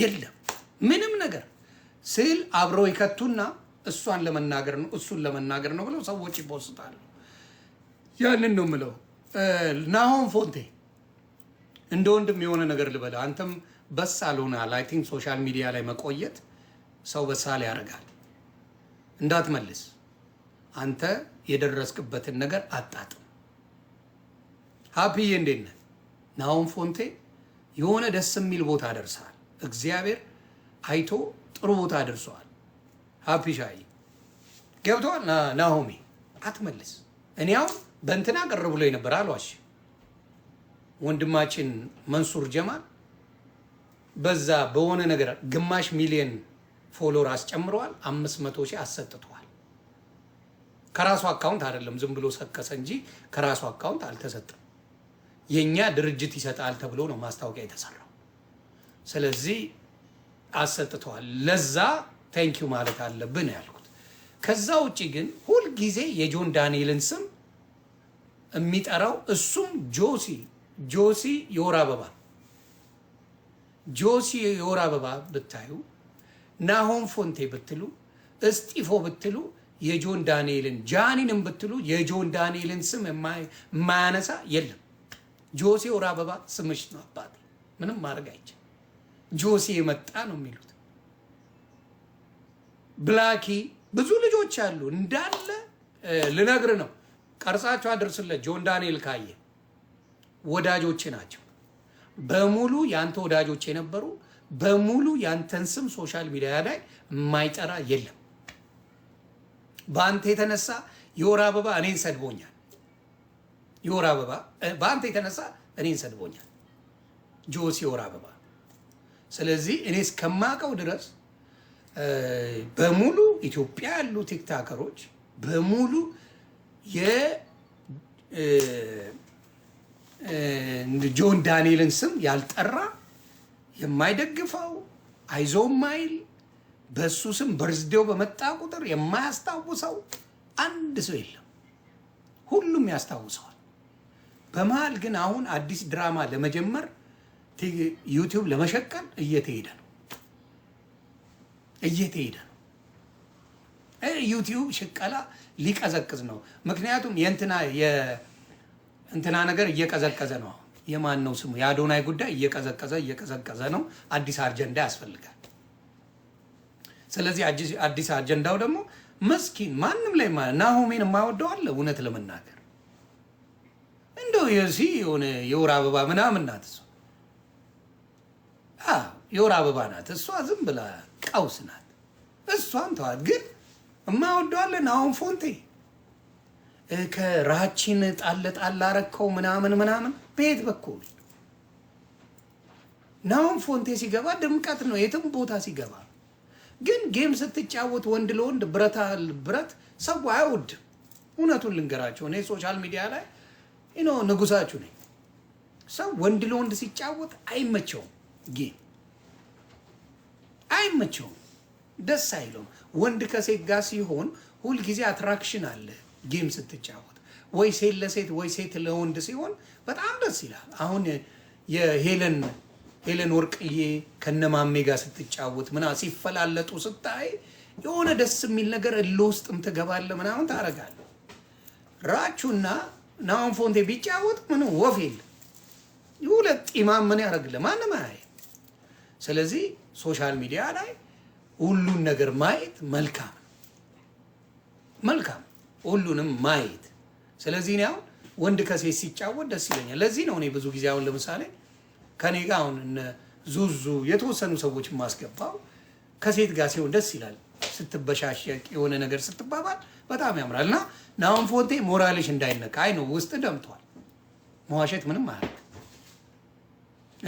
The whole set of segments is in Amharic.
የለም ምንም ነገር ስዕል አብረው ይከቱና እሷን ለመናገር ነው እሱን ለመናገር ነው ብለው ሰዎች ይፖስታሉ። ያንን ነው ምለው። ናሆም ፎንቴ እንደ ወንድም የሆነ ነገር ልበለ። አንተም በሳል አይ ቲንክ ሶሻል ሚዲያ ላይ መቆየት ሰው በሳል ያደርጋል። እንዳትመልስ አንተ የደረስክበትን ነገር አጣጥም። ሀፒዬ እንዴት ነህ? ናሆም ፎንቴ የሆነ ደስ የሚል ቦታ ደርሳል። እግዚአብሔር አይቶ ጥሩ ቦታ ደርሰዋል። ሀፒሻይ ገብቷል። ገብተዋል። ናሆሜ አትመልስ። እኔ አሁን በእንትና ቅር ብሎ ነበር አሏሽ ወንድማችን መንሱር ጀማል በዛ በሆነ ነገር ግማሽ ሚሊዮን ፎሎር አስጨምረዋል። አምስት መቶ ሺህ አሰጥተዋል። ከራሱ አካውንት አይደለም ዝም ብሎ ሰከሰ እንጂ ከራሱ አካውንት አልተሰጠም። የእኛ ድርጅት ይሰጣል ተብሎ ነው ማስታወቂያ የተሰራ። ስለዚህ አሰጥተዋል። ለዛ ታንኪዩ ማለት አለብን ያልኩት። ከዛ ውጭ ግን ሁልጊዜ የጆን ዳንኤልን ስም የሚጠራው እሱም ጆሲ ጆሲ የወር አበባ ጆሲ የወር አበባ ብታዩ ናሆም ፎንቴ ብትሉ እስጢፎ ብትሉ የጆን ዳንኤልን ጃኒንም ብትሉ የጆን ዳንኤልን ስም የማያነሳ የለም። ጆሲ የወር አበባ ስምሽ ነው አባት፣ ምንም ማድረግ አይችል ጆሴ የመጣ ነው የሚሉት። ብላኪ ብዙ ልጆች አሉ እንዳለ ልነግር ነው። ቀርጻቸው አድርስለት። ጆን ዳንኤል ካየ ወዳጆቼ ናቸው በሙሉ ያንተ ወዳጆች የነበሩ በሙሉ ያንተን ስም ሶሻል ሚዲያ ላይ የማይጠራ የለም። በአንተ የተነሳ የወር አበባ እኔን ሰድቦኛል። የወር አበባ በአንተ የተነሳ እኔን ሰድቦኛል ጆሲ የወር አበባ ስለዚህ እኔ እስከማውቀው ድረስ በሙሉ ኢትዮጵያ ያሉ ቲክታከሮች በሙሉ የጆን ዳንኤልን ስም ያልጠራ የማይደግፈው አይዞ ማይል በእሱ ስም በርዝዴው በመጣ ቁጥር የማያስታውሰው አንድ ሰው የለም። ሁሉም ያስታውሰዋል። በመሀል ግን አሁን አዲስ ድራማ ለመጀመር ዩቲዩብ ለመሸቀም እየተሄደ ነው እየተሄደ ነው። ዩቲዩብ ሽቀላ ሊቀዘቅዝ ነው። ምክንያቱም የእንትና የእንትና ነገር እየቀዘቀዘ ነው። የማን ነው ስሙ የአዶናይ ጉዳይ እየቀዘቀዘ እየቀዘቀዘ ነው። አዲስ አጀንዳ ያስፈልጋል። ስለዚህ አዲስ አጀንዳው ደግሞ መስኪን ማንም ላይ ናሆሜን የማወደው አለ። እውነት ለመናገር እንደው የሲ የሆነ የወር አበባ ምናምን ናት እሷ የወር አበባ ናት እሷ። ዝም ብላ ቀውስ ናት። እሷን ተዋት። ግን እማወደዋለን አሁን ፎንቴ ከራችን ጣል ጣል አረከው ምናምን ምናምን በየት በኩል ናሁን ፎንቴ ሲገባ ድምቀት ነው የትም ቦታ ሲገባ። ግን ጌም ስትጫወት ወንድ ለወንድ ብረታ ብረት ሰው አይወድም። እውነቱን ልንገራቸው እኔ ሶሻል ሚዲያ ላይ ኖ ንጉሳችሁ ነኝ። ሰው ወንድ ለወንድ ሲጫወት አይመቸውም። ጌ አይመቸውም፣ ደስ አይለውም። ወንድ ከሴት ጋር ሲሆን ሁልጊዜ አትራክሽን አለ። ጌም ስትጫወት ወይ ሴት ለሴት ወይ ሴት ለወንድ ሲሆን በጣም ደስ ይላል። አሁን የሄለን ሄለን ወርቅዬ ከነማሜ ጋር ስትጫወት ምና ሲፈላለጡ ስታይ የሆነ ደስ የሚል ነገር እሎ ውስጥም ትገባለህ፣ ምናምን ታደርጋለህ። ራቹና ናሆም ፎንቴ ቢጫወት ምን ወፍ የለ ሁለት ኢማም ምን ያደርግልህ? ማንም አይ ስለዚህ ሶሻል ሚዲያ ላይ ሁሉን ነገር ማየት መልካም መልካም ሁሉንም ማየት። ስለዚህ እኔ አሁን ወንድ ከሴት ሲጫወት ደስ ይለኛል። ለዚህ ነው እኔ ብዙ ጊዜ አሁን ለምሳሌ ከኔ ጋር አሁን እነ ዙዙ የተወሰኑ ሰዎች የማስገባው ከሴት ጋር ሲሆን ደስ ይላል። ስትበሻሸቅ የሆነ ነገር ስትባባል በጣም ያምራል። እና ናሁን ፎንቴ ሞራልሽ እንዳይነካ አይ ነው ውስጥ ደምቷል። መዋሸት ምንም አያልቅ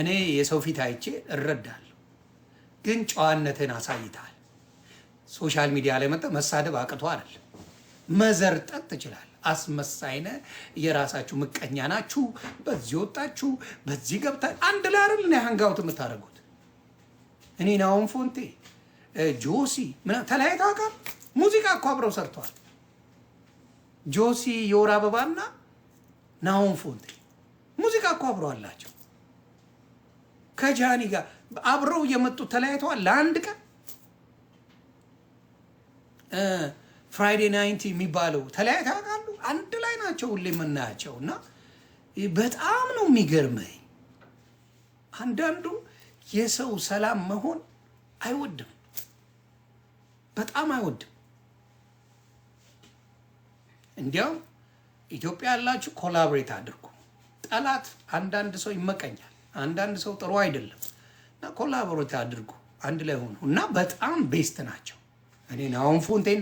እኔ የሰው ፊት አይቼ እረዳለሁ፣ ግን ጨዋነትን አሳይታል። ሶሻል ሚዲያ ላይ መጠ መሳደብ አቅቶ አይደለም። መዘርጠጥ ትችላል። አስመሳይነ የራሳችሁ ምቀኛ ናችሁ። በዚህ ወጣችሁ፣ በዚህ ገብታ አንድ ላይ አይደል እኔ ሀንጋውት የምታደርጉት እኔ ናሁን ፎንቴ ጆሲ ተለያይታ አውቃል። ሙዚቃ እኮ አብረው ሰርተዋል። ጆሲ የወር አበባና ናሁን ፎንቴ ሙዚቃ እኮ አብረው አላቸው። ከጃኒ ጋር አብረው የመጡ ተለያይተዋል። ለአንድ ቀን ፍራይዴ ናይንቲ የሚባለው ተለያይተው ያውቃሉ? አንድ ላይ ናቸው ሁሌ የምናያቸው እና በጣም ነው የሚገርመኝ። አንዳንዱ የሰው ሰላም መሆን አይወድም፣ በጣም አይወድም። እንዲያውም ኢትዮጵያ ያላችሁ ኮላቦሬት አድርጉ። ጠላት አንዳንድ ሰው ይመቀኛል። አንዳንድ ሰው ጥሩ አይደለም እና ኮላቦሬት አድርጉ፣ አንድ ላይ ሆኑ እና በጣም ቤስት ናቸው። እኔ አሁን ፎንቴን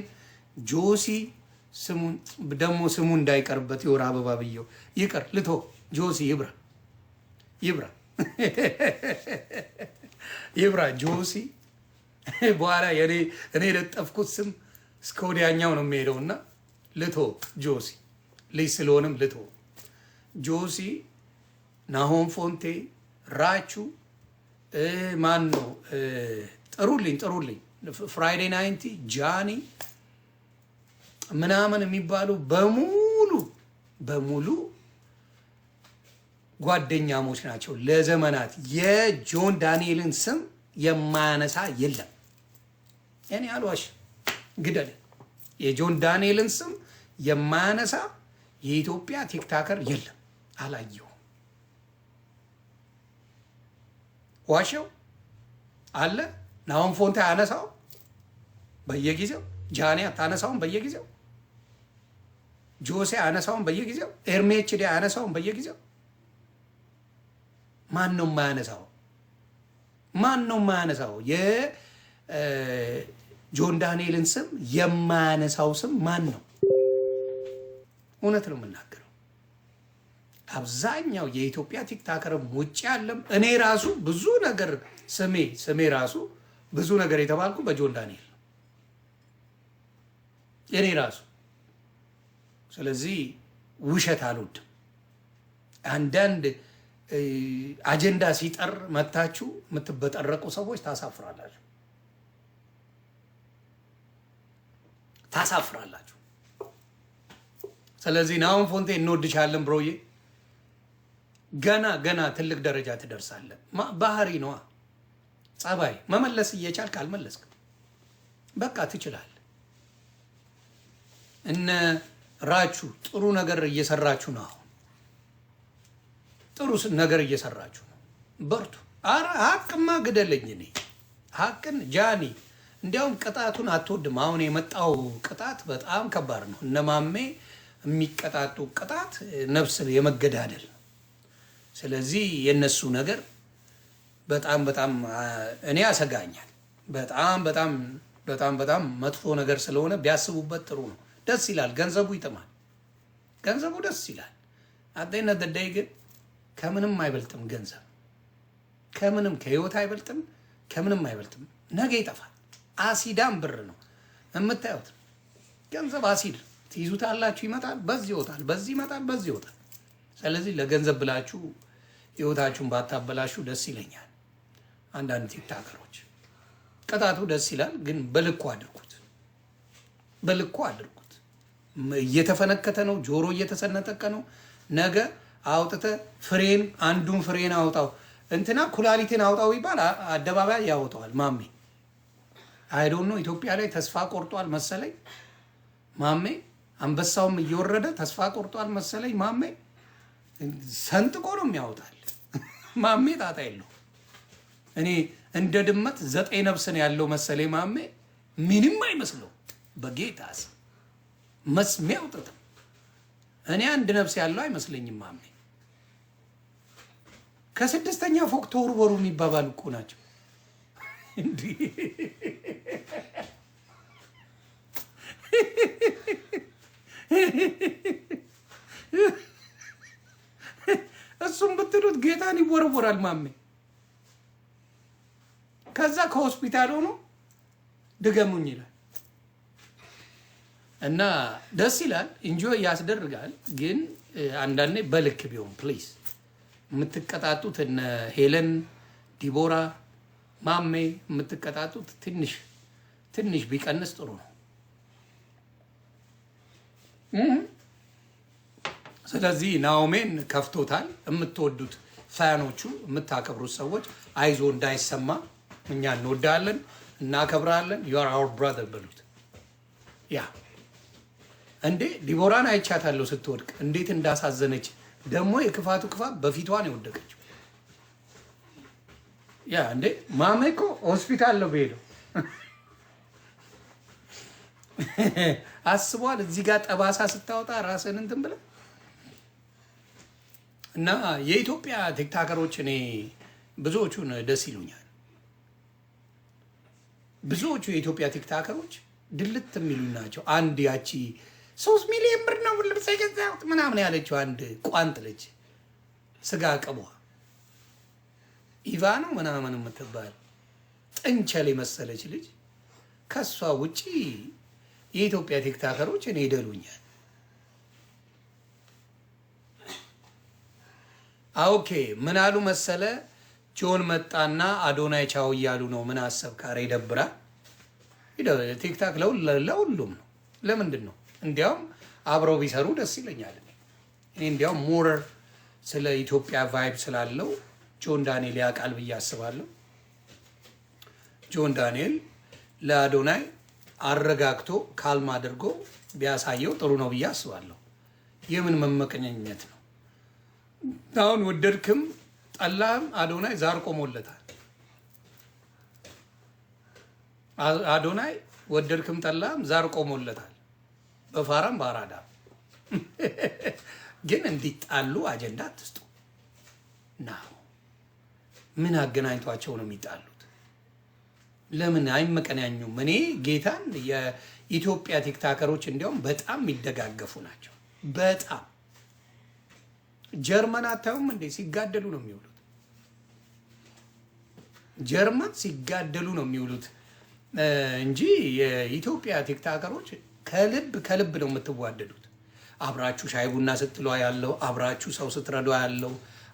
ጆሲ ስሙን ደግሞ ስሙ እንዳይቀርበት የወር አበባ ብየው ይቅር ልቶ ጆሲ ይብራ ይብራ ይብራ ጆሲ በኋላ እኔ የለጠፍኩት ስም እስከ ወዲያኛው ነው የሚሄደው እና ልቶ ጆሲ ልጅ ስለሆንም ልቶ ጆሲ ናሆም ፎንቴ ራቹ ማን ነው? ጥሩልኝ ጥሩልኝ ፍራይዴ ናይንቲ ጃኒ ምናምን የሚባሉ በሙሉ በሙሉ ጓደኛሞች ናቸው። ለዘመናት የጆን ዳንኤልን ስም የማያነሳ የለም። እኔ አልዋሽ ግደል። የጆን ዳንኤልን ስም የማያነሳ የኢትዮጵያ ቲክታከር የለም። አላየው ዋሸው አለ ናሁን ፎንቴ አነሳው በየጊዜው ጃኔ አታነሳውን በየጊዜው ጆሴ አነሳውን በየጊዜው ኤርሜችዴ አነሳውን በየጊዜው ማን ነው የማያነሳው? ማን ነው የማያነሳው? የጆን ዳንኤልን ስም የማያነሳው ስም ማን ነው? እውነት ነው የምናገር አብዛኛው የኢትዮጵያ ቲክታከርም ውጭ ያለም እኔ ራሱ ብዙ ነገር ስሜ ስሜ ራሱ ብዙ ነገር የተባልኩ በጆን ዳንኤል እኔ ራሱ። ስለዚህ ውሸት አልወድም። አንዳንድ አጀንዳ ሲጠር መታችሁ የምትበጠረቁ ሰዎች ታሳፍራላችሁ ታሳፍራላችሁ። ስለዚህ ናሁን ፎንቴ እንወድሻለን ብሮዬ። ገና ገና ትልቅ ደረጃ ትደርሳለህ። ባህሪ ነዋ ጸባይ። መመለስ እየቻልክ አልመለስክ፣ በቃ ትችላለህ። እነ ራቹ ጥሩ ነገር እየሰራችሁ ነው። አሁን ጥሩ ነገር እየሰራችሁ ነው። በርቱ። ኧረ ሀቅማ ግደለኝ። እኔ ሀቅን ጃኒ እንዲያውም ቅጣቱን አትወድም። አሁን የመጣው ቅጣት በጣም ከባድ ነው። እነማሜ የሚቀጣጡ ቅጣት ነፍስ የመገዳደል ስለዚህ የነሱ ነገር በጣም በጣም እኔ ያሰጋኛል። በጣም በጣም በጣም በጣም መጥፎ ነገር ስለሆነ ቢያስቡበት ጥሩ ነው። ደስ ይላል፣ ገንዘቡ ይጥማል፣ ገንዘቡ ደስ ይላል። አጤነ ደዳይ ግን ከምንም አይበልጥም። ገንዘብ ከምንም ከህይወት አይበልጥም፣ ከምንም አይበልጥም። ነገ ይጠፋል። አሲዳም ብር ነው የምታዩት። ገንዘብ አሲድ ትይዙታላችሁ፣ ይመጣል፣ በዚህ ይወጣል፣ በዚህ ይመጣል፣ በዚህ ይወጣል። ስለዚህ ለገንዘብ ብላችሁ ህይወታችሁን ባታበላሹ ደስ ይለኛል። አንዳንድ ቲክታከሮች ቅጣቱ ደስ ይላል፣ ግን በልኩ አድርጉት፣ በልኩ አድርጉት። እየተፈነከተ ነው፣ ጆሮ እየተሰነጠቀ ነው። ነገ አውጥተ ፍሬን አንዱን ፍሬን አውጣው እንትና ኩላሊትን አውጣው ይባል አደባባይ ያወጣዋል። ማሜ አይዶን ነው ኢትዮጵያ ላይ ተስፋ ቆርጧል መሰለኝ። ማሜ አንበሳውም እየወረደ ተስፋ ቆርጧል መሰለኝ። ማሜ ሰንጥቆ ነው የሚያወጣል። ማሜ ጣጣ የለው። እኔ እንደ ድመት ዘጠኝ ነብስን ያለው መሰለኝ ማሜ ምንም አይመስለው። በጌታስ መስሜ አውጥትም እኔ አንድ ነብስ ያለው አይመስለኝም ማሜ። ከስድስተኛ ፎቅ ተወርወሩ የሚባባል እኮ ናቸው። እንዲህ እሱም ብትሉት ጌታን ይወረወራል ማሜ። ከዛ ከሆስፒታል ሆኖ ድገሙኝ ይላል እና ደስ ይላል፣ እንጆ ያስደርጋል። ግን አንዳንዴ በልክ ቢሆን ፕሊዝ። የምትቀጣጡት እነ ሄለን ዲቦራ፣ ማሜ የምትቀጣጡት ትንሽ ትንሽ ቢቀንስ ጥሩ ነው። ስለዚህ ናኦሜን ከፍቶታል። የምትወዱት ፋኖቹ፣ የምታከብሩት ሰዎች አይዞ እንዳይሰማ እኛ እንወዳለን፣ እናከብራለን። ዩአር አወር ብራዘር በሉት። ያ እንዴ ዲቦራን አይቻታለሁ ስትወድቅ እንዴት እንዳሳዘነች ደግሞ የክፋቱ ክፋት በፊቷን የወደቀችው ያ እንዴ ማሜ እኮ ሆስፒታል ነው በሄደው አስቧል። እዚህ ጋር ጠባሳ ስታወጣ ራስን እንትን ብለህ እና የኢትዮጵያ ቲክታከሮች እኔ ብዙዎቹን ደስ ይሉኛል። ብዙዎቹ የኢትዮጵያ ቲክታከሮች ድልት የሚሉ ናቸው። አንድ ያቺ ሶስት ሚሊዮን ብር ነው ልብስ የገዛሁት ምናምን ያለችው አንድ ቋንጥ ልጅ ስጋ ቅቧ ኢቫ ምናምን የምትባል ጥንቸል የመሰለች ልጅ ከእሷ ውጪ የኢትዮጵያ ቲክታከሮች እኔ ይደሉኛል። ኦኬ ምን አሉ መሰለ ጆን መጣና አዶናይ ቻው እያሉ ነው። ምን አሰብ ካረ ይደብራል። ቲክታክ ለሁሉም ነው። ለምንድን ነው እንዲያውም አብረው ቢሰሩ ደስ ይለኛል። እኔ እንዲያውም ሞር ስለ ኢትዮጵያ ቫይብ ስላለው ጆን ዳንኤል ያውቃል ብዬ አስባለሁ። ጆን ዳንኤል ለአዶናይ አረጋግቶ ካልም አድርጎ ቢያሳየው ጥሩ ነው ብዬ አስባለሁ። የምን መመቀኘት ነው? አሁን ወደድክም ጠላህም አዶናይ ዛር ቆሞለታል። አዶናይ ወደድክም ጠላህም ዛር ቆሞለታል። በፋራም በአራዳ ግን እንዲጣሉ አጀንዳ አትስጡ። ና ምን አገናኝቷቸው ነው የሚጣሉት? ለምን አይመቀናኙም? እኔ ጌታን የኢትዮጵያ ቲክታከሮች እንዲያውም በጣም የሚደጋገፉ ናቸው በጣም ጀርመን አታዩም እንዴ? ሲጋደሉ ነው የሚውሉት። ጀርመን ሲጋደሉ ነው የሚውሉት እንጂ የኢትዮጵያ ቲክታከሮች ከልብ ከልብ ነው የምትዋደዱት። አብራችሁ ሻይ ቡና ስትሏ ያለው አብራችሁ ሰው ስትረዷ ያለው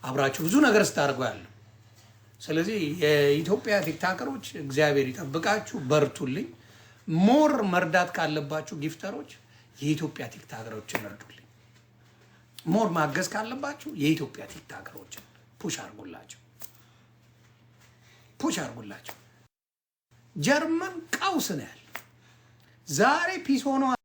አብራችሁ ብዙ ነገር ስታደርጓ ያለው። ስለዚህ የኢትዮጵያ ቲክታከሮች እግዚአብሔር ይጠብቃችሁ፣ በርቱልኝ። ሞር መርዳት ካለባችሁ ጊፍተሮች የኢትዮጵያ ቲክታከሮችን እርዱልኝ። ሞር ማገዝ ካለባችሁ የኢትዮጵያ ቲክታከሮችን ፑሽ አርጉላቸው፣ ፑሽ አርጉላቸው። ጀርመን ቀውስ ነው ያለ ዛሬ ፒስ ሆኖ